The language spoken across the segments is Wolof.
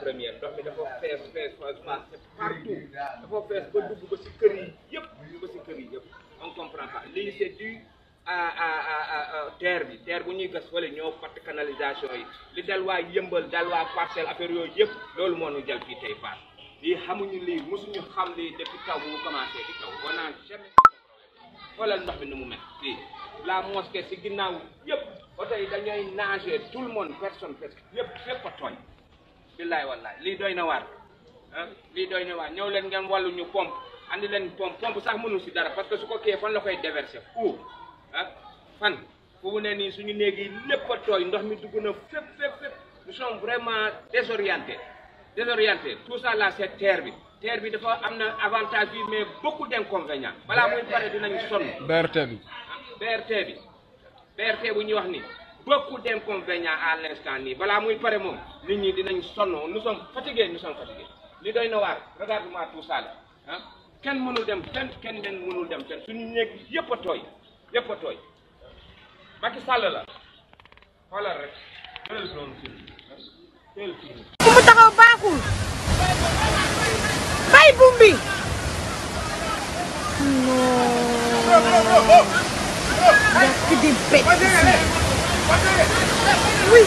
première ndox mi dafa fees fees franchement c'est partout dafa fees ba dugg ba si kër yi yëpp ba si kër yi yëpp on comprend pas lii c'est dû à à à terre bi ter bu ñuy gas wala ñoo fatt canalisation yi li dal waa yëmbal dal waa parcelle affaire yooyu yëpp loolu moo nu jël fii tey paas lii xamuñu lii mosuñu xam lii depuis taw bu mu commencé di taw on n'a jamais xoolal ndox mi nu mu mel fii la mosquée si ginnaaw yëpp oto yi dañooy nager tout le monde personne presque yëpp yëpp billaay wallaay lii doy na waar ah lii doy na waar ñëw leen ngeen wàllu ñu pompe andi leen pompe pompe sax mënu si dara parce que su ko kee fan la koy déverser fu ah, fan fu mu ne nii suñu néeg yi lépp a tooy ndox mi dugg na fépp fépp fépp nous sommes vraiment désorientés désorientés tout ça là c'est terre bi terre bi dafa am na avantage bi mais beaucoup d'inconvénients balaa muy pare dinañu sonn BRT bi ah, BRT bi BRT bu ñuy wax ni beaucoup d'inconvénients à l'instant nii balaa muy pare moom nit ñi dinañ sonn nous sommes fatigués nous li doy na waar regarde-moi tout kenn mënul dem fenn kenn mënul dem fenn suñu néeg yëpp tooy yëpp a tooy Macky Sall la xoolal rek jëlal mu taxaw baaxul bay bum bi non yàq di bét Oui.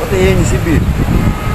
Batiin si Bir.